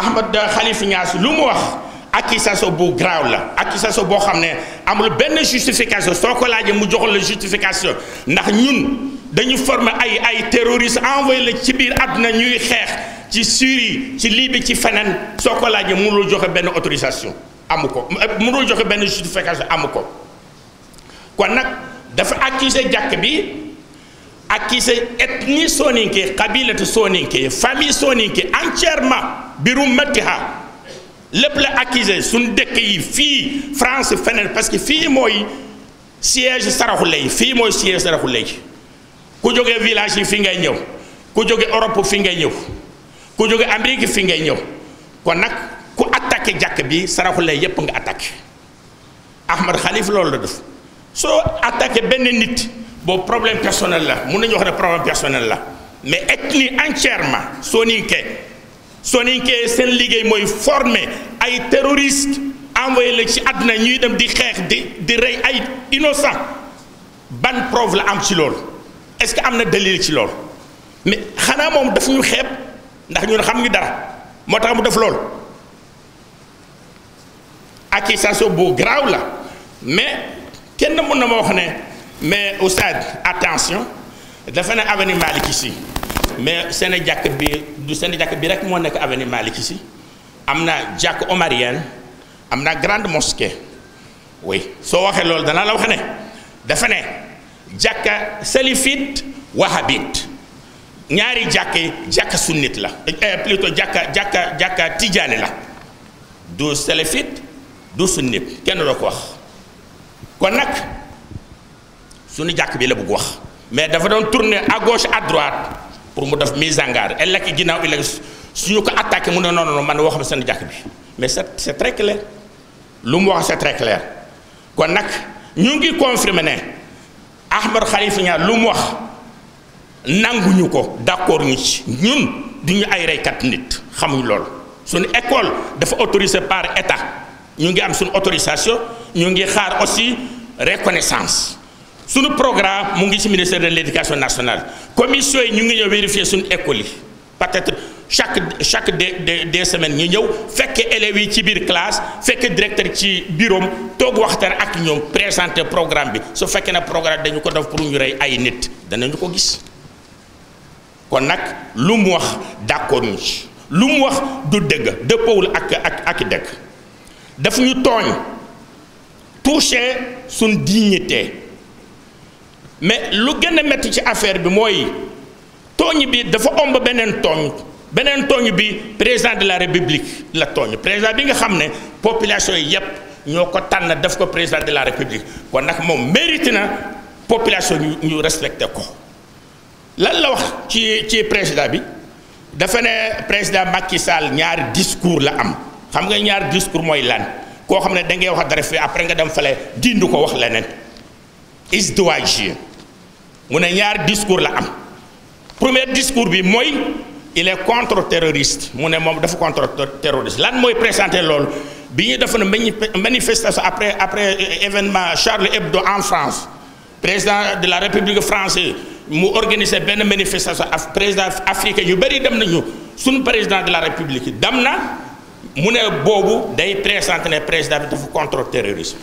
Ahmed Khalifa Niass lu mu wax accusation bu graaw la accusation boo xam ne amul benn justification soo ko laajee mu joxul la justification ndax ñun dañu former ay ay terroristes envoyé la ci biir àdduna ñuy xeex ci Syrie ci Libye ci feneen soo ko laajee mënul joxe benn autorisation amu ko mënul joxe benn justification amu ko kon nag dafa accusé jàkk bi accusé ethnie soninke kabilatu soninke famille soninke entièrement bi rummatiha lépp la accusé suñ dëkk yi fii France feneen parce que fii mooy siège saraxule yi fii mooy siège saraxule yi ku jóge village yi fi ngay ñëw ku jóge Europe fi ngay ñëw ku jóge Amérique fi ngay ñëw kon nag ku attaqué jàkk bi saraxule yépp nga attaqué Ahmad Khalif loolu la def soo attaqué benn nit boobu problème personnel la mun nañu wax ne problème personnel la mais ethnie entièrement soo nii kee soninke seen liggéey mooy former ay terroriste envoyé la ci àdduna ñuy dem di xeex di di rey ay innocent ban preuve la am ci lool est-ce que am na dalil ci lool mais xanaa moom daf ñu xeeb ndax ñun xam ñu dara moo tax mu def loolu accusation bu graaw la mais kenn mën na ma wax ne mais oustad attention dafa ne avenue Malick ici mais seen jàkk bi du seen jàkk bi rek moo nekk avenue Malick si am na jàkk omarienne am na grande mosquée oui soo waxee loolu danaa la wax ne dafa ne jàkka salifite wahabite ñaari jàkk yi jàkka sunnit la eh, plutôt jàkk jàkk jàkka tijaani la du salifite du sunnit kenn doo ko wax kon nag suñu jàkk bi la bëgg wax mais dafa doon tourner à gauche pour mu def mise en garde ëllëg gi ginnaaw ëllëg su ñu ko attaqué mu ne non non man waxuma seen jàkk bi mais c' est c' est lu mu wax c' est très kon nag ñu ngi confirmer ne Ahmed Khalifa Niass lu mu wax nanguñu ko d' accord ñu ci ñun du ñu ay reykat nit xamuñ loolu suñu école dafa autoriser par état ñu ngi am suñu autorisation ñu ngi xaar aussi reconnaissance. suñu programme mu ngi ci ministère de l' éducation nationale commission yi ñu ngi ñëw vérifier suñu école yi peut-être chaque chaque des des semaines ñu ñëw fekke élèves yi ci biir classe fekke directeur ci bureau toog waxtaan ak ñoom présenter programme bi su fekkee na programme dañu ko def pour ñu rey ay nit danañu ko gis kon nag lu mu wax d'accord ñu lu mu wax du dëgg dëppawul ak ak ak dëgg daf ñu tooñ touché suñ dignité mais lu gën a métti ci affaire bi mooy tooñ bi dafa omb beneen tooñ beneen tooñ bi président de la république la tooñ président bi nga xam ne population yi yëpp ñoo ko tànn def ko président de la république kon nag moom mérite na population ñu ñu respecté ko lan la wax ci ci président bi dafa ne président Macky Sall ñaari discours la am xam nga ñaari discours mooy lan koo xam ne da ngay wax dara fii après nga dem fale du ko wax leneen is mu ne ñaar discours la am premier discours bi mooy il est contre terroriste mu ne moom dafa contre terroriste lan mooy présenter loolu bi ñu defoon manifestation après après événement Charlie Hebdo en France président de la République française mu organiser benn manifestation af président africain yu bëri dem nañu suñu président de la République dem na mu ne boobu day présenté ne président bi dafa contre terrorisme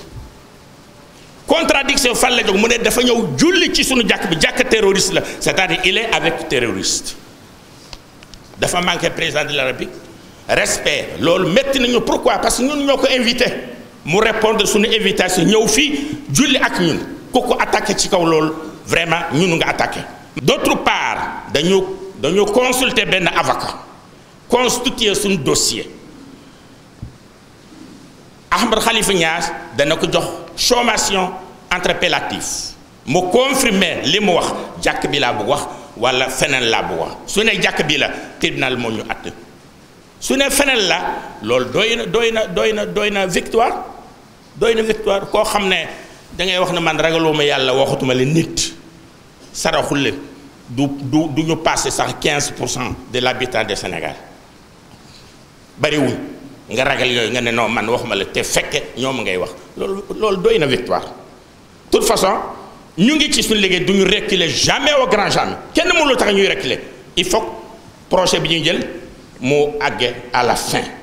contradiction fan la jóg mu ne dafa ñëw julli ci suñu jàkk bi jàkk terroriste la cest a dire il est avec terroriste dafa manqué président de la République respect loolu métti nañu pourquoi parce que ñun ñoo ko invité mu répondre suñu invitation ñëw fii julli ak ñun ku ko attaqué ci kaw loolu vraiment ñun nga attaqué d'autre part dañu dañu consulter benn avaca constituer suñu dossier Ahmed Khalifa Niass dana ko jox somation interpellatif mu confirmer li mu wax jàkk bi laa bu wax wala feneen laa bu wax su ne jàkk bi la tribunal moo ñu àtt su ne feneen la lool doy na doy na doy na doy na victoire doy na victoire koo xam ne dangay wax ne man ragaloo ma yàlla waxatuma leen nit saraxul leen du du du ñu passé sax pour cent de l'habitat de Sénégal bariwul nga ragal yooyu nga ne noo man waxuma la te fekke ñoom ngay wax loolu doy na victoire toute façon ñu ngi ci suñu du duñu reculer jamais au grand jamais kenn mënul tax ñuy reculer il faut projet bi ñuy jël mu àgge à la fin